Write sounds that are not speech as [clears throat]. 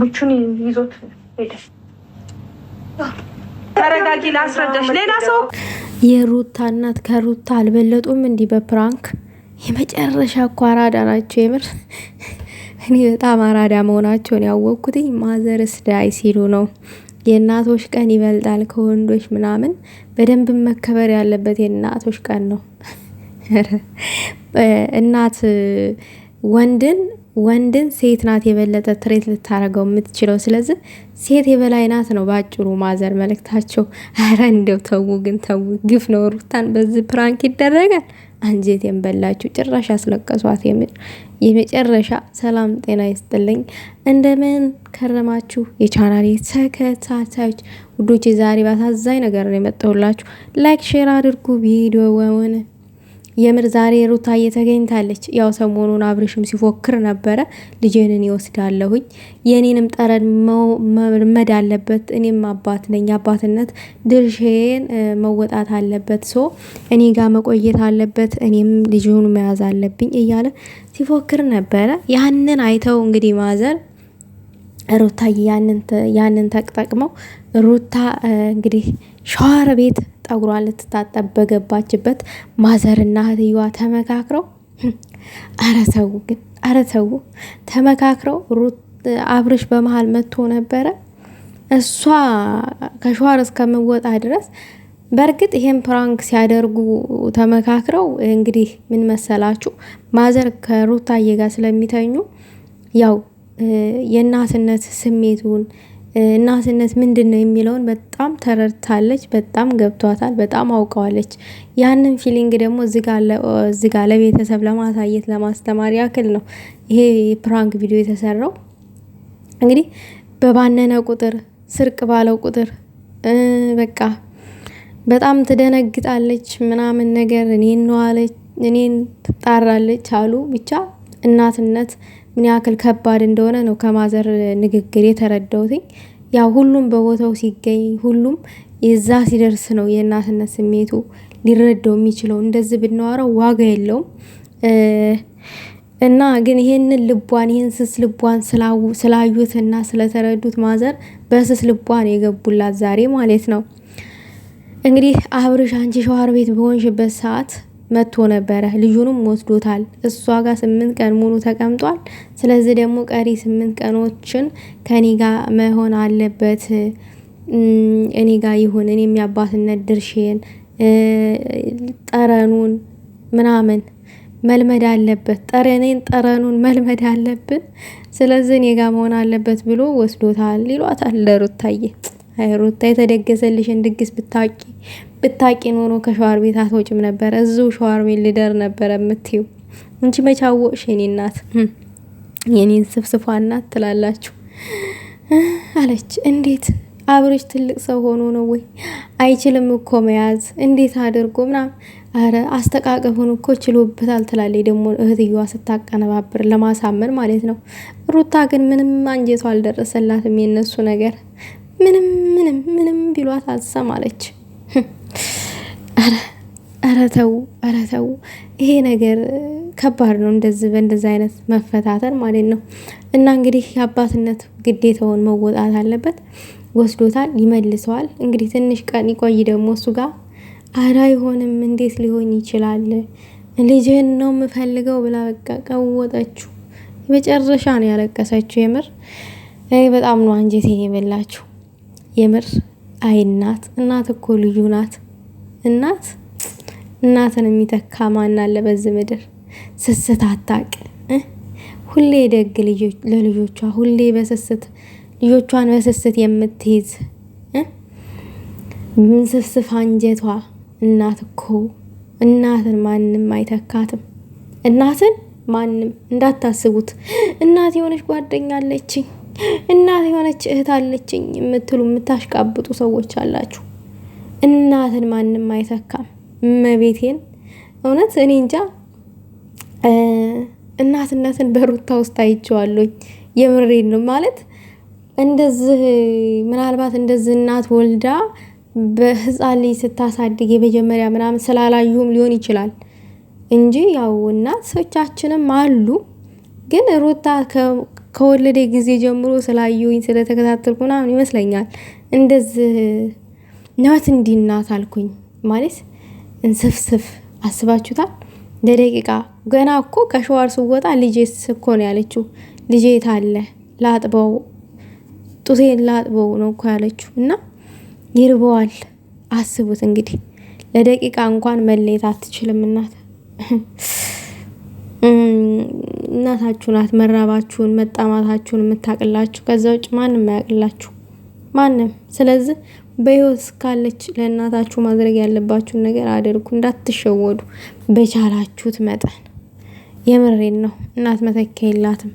ብቹን ይዞት ሄደ። ተረጋጊ፣ ላስረዳሽ። ሌላ ሰው የሩታ እናት ከሩታ አልበለጡም። እንዲህ በፕራንክ የመጨረሻ እኮ አራዳ ናቸው። የምር እኔ በጣም አራዳ መሆናቸውን ያወቅኩትኝ ማዘርስ ዳይ ሲሉ ነው። የእናቶች ቀን ይበልጣል ከወንዶች ምናምን። በደንብ መከበር ያለበት የእናቶች ቀን ነው። እናት ወንድን ወንድን ሴት ናት የበለጠ ትሬት ልታደርገው የምትችለው። ስለዚህ ሴት የበላይ ናት ነው በአጭሩ ማዘር መልእክታቸው። አረ እንደው ተዉ ግን ተዉ፣ ግፍ ነው። ሩታን በዚህ ፕራንክ ይደረጋል። አንጀት የንበላችሁ ጭራሽ አስለቀሷት። የመጨረሻ ሰላም ጤና ይስጥልኝ። እንደምን ከረማችሁ የቻናል ተከታታዮች ውዶች? ዛሬ ባሳዛኝ ነገር ነው የመጣሁላችሁ። ላይክ ሼር አድርጉ ቪዲዮውን የምር ዛሬ ሩታ ተገኝታለች። ያው ሰሞኑን አብርሽም ሲፎክር ነበረ ልጄንን ይወስዳለሁኝ የኔንም ጠረን መመድ አለበት፣ እኔም አባት ነኝ፣ አባትነት ድርሼን መወጣት አለበት፣ ሶ እኔ ጋር መቆየት አለበት፣ እኔም ልጅን መያዝ አለብኝ እያለ ሲፎክር ነበረ። ያንን አይተው እንግዲህ ማዘር ሩታ ያንን ተቅጠቅመው ሩታ እንግዲህ ሸዋር ቤት ጠጉሯን ልትታጠብ በገባችበት ማዘርና እህትየዋ ተመካክረው [clears throat] አረ ግን አረ ተመካክረው ሩት አብርሽ በመሀል መጥቶ ነበረ። እሷ ከሸዋር እስከምወጣ ድረስ በእርግጥ ይሄን ፕራንክ ሲያደርጉ ተመካክረው እንግዲህ ምን መሰላችሁ ማዘር ከሩታዬ ጋር ስለሚተኙ ያው የእናትነት ስሜቱን እናትነት ምንድን ነው የሚለውን በጣም ተረድታለች፣ በጣም ገብቷታል፣ በጣም አውቀዋለች። ያንን ፊሊንግ ደግሞ እዚጋ ለቤተሰብ ለማሳየት ለማስተማር ያክል ነው ይሄ ፕራንክ ቪዲዮ የተሰራው። እንግዲህ በባነነ ቁጥር ስርቅ ባለው ቁጥር በቃ በጣም ትደነግጣለች ምናምን ነገር እኔን ነዋለች እኔን ትጣራለች አሉ ብቻ እናትነት ምን ያክል ከባድ እንደሆነ ነው ከማዘር ንግግር የተረዳሁትኝ። ያው ሁሉም በቦታው ሲገኝ ሁሉም የዛ ሲደርስ ነው የእናትነት ስሜቱ ሊረዳው የሚችለው። እንደዚህ ብናወራው ዋጋ የለውም። እና ግን ይሄንን ልቧን ይህን ስስ ልቧን እና ስለተረዱት ማዘር በስስ ልቧን የገቡላት ዛሬ ማለት ነው። እንግዲህ አብርሽ አንቺ ሸዋር ቤት በሆንሽበት ሰዓት መጥቶ ነበረ። ልጁንም ወስዶታል። እሷ ጋር ስምንት ቀን ሙሉ ተቀምጧል። ስለዚህ ደግሞ ቀሪ ስምንት ቀኖችን ከኔ ጋር መሆን አለበት። እኔ ጋር ይሁን። እኔ የሚያባትነት ድርሼን ጠረኑን ምናምን መልመድ አለበት። ጠረኔን ጠረኑን መልመድ አለብን። ስለዚህ እኔ ጋር መሆን አለበት ብሎ ወስዶታል ይሏታል ለሩታዬ። ሩታ የተደገሰልሽን ድግስ ብታቂ ብታቂ ኖሮ ከሸዋር ቤት አትወጭም ነበር። እዚሁ ሸዋር ቤት ልደር ነበረ የምትዩ እንጂ መቻወቅሽ የኔ እናት የኔን ስብስፏ እናት ትላላችሁ አለች። እንዴት አብርሽ ትልቅ ሰው ሆኖ ነው ወይ? አይችልም እኮ መያዝ እንዴት አድርጎ ምናምን። አረ አስተቃቀፉን እኮ ችሎበታል ትላለች ደግሞ እህትየዋ ስታቀነባብር ለማሳመን ማለት ነው። ሩታ ግን ምንም አንጀቷ አልደረሰላትም የነሱ ነገር ምንም ምንም ምንም ቢሏት አሰማለች። ኧረ [laughs] ተው ኧረ ተው፣ ይሄ ነገር ከባድ ነው። እንደዚህ በእንደዚህ አይነት መፈታተን ማለት ነው። እና እንግዲህ የአባትነት ግዴታውን መወጣት አለበት። ወስዶታል፣ ይመልሰዋል። እንግዲህ ትንሽ ቀን ይቆይ ደግሞ እሱ ጋር አረ አይሆንም፣ እንዴት ሊሆን ይችላል? ልጅህን ነው የምፈልገው ብላ በቃ ቀወጠችው። መጨረሻ ነው ያለቀሰችው። የምር በጣም ነው አንጀቴን የበላችው። የምር አይ እናት እናት እኮ ልዩ ናት። እናት እናትን የሚተካ ማን አለ በዚህ ምድር? ስስት አታቅ ሁሌ ደግ ለልጆቿ ሁሌ በስስት ልጆቿን በስስት የምትይዝ ምንስስፍ አንጀቷ እናት እኮ እናትን ማንም አይተካትም። እናትን ማንም እንዳታስቡት እናት የሆነች ጓደኛ አለችኝ እናት የሆነች እህት አለችኝ የምትሉ የምታሽቃብጡ ሰዎች አላችሁ። እናትን ማንም አይተካም። እመቤቴን እውነት እኔ እንጃ እናትነትን በሩታ ውስጥ አይቼዋለሁኝ። የምሬን ነው ማለት እንደዚህ ምናልባት እንደዚህ እናት ወልዳ በህፃን ልጅ ስታሳድግ የመጀመሪያ ምናምን ስላላዩም ሊሆን ይችላል እንጂ ያው እናት ሰዎቻችንም አሉ ግን ሩታ ከወለደ ጊዜ ጀምሮ ስላዩኝ ስለተከታተልኩ ምናምን ይመስለኛል እንደዚህ ናት እንዲናት አልኩኝ። ማለት እንስፍስፍ አስባችሁታል? ለደቂቃ ገና እኮ ከሸዋር ስወጣ ልጄ እኮ ነው ያለችው። ልጄ ታለ ላጥበው፣ ጡቴን ላጥበው ነው እኮ ያለችው። እና ይርበዋል። አስቡት እንግዲህ ለደቂቃ እንኳን መለየት አትችልም እናት እናታችሁ ናት መራባችሁን መጣማታችሁን የምታቅላችሁ። ከዛ ውጭ ማንም አያቅላችሁ ማንም። ስለዚህ በህይወት እስካለች ለእናታችሁ ማድረግ ያለባችሁን ነገር አድርጉ፣ እንዳትሸወዱ በቻላችሁት መጠን። የምሬን ነው። እናት መተኪያ የላትም።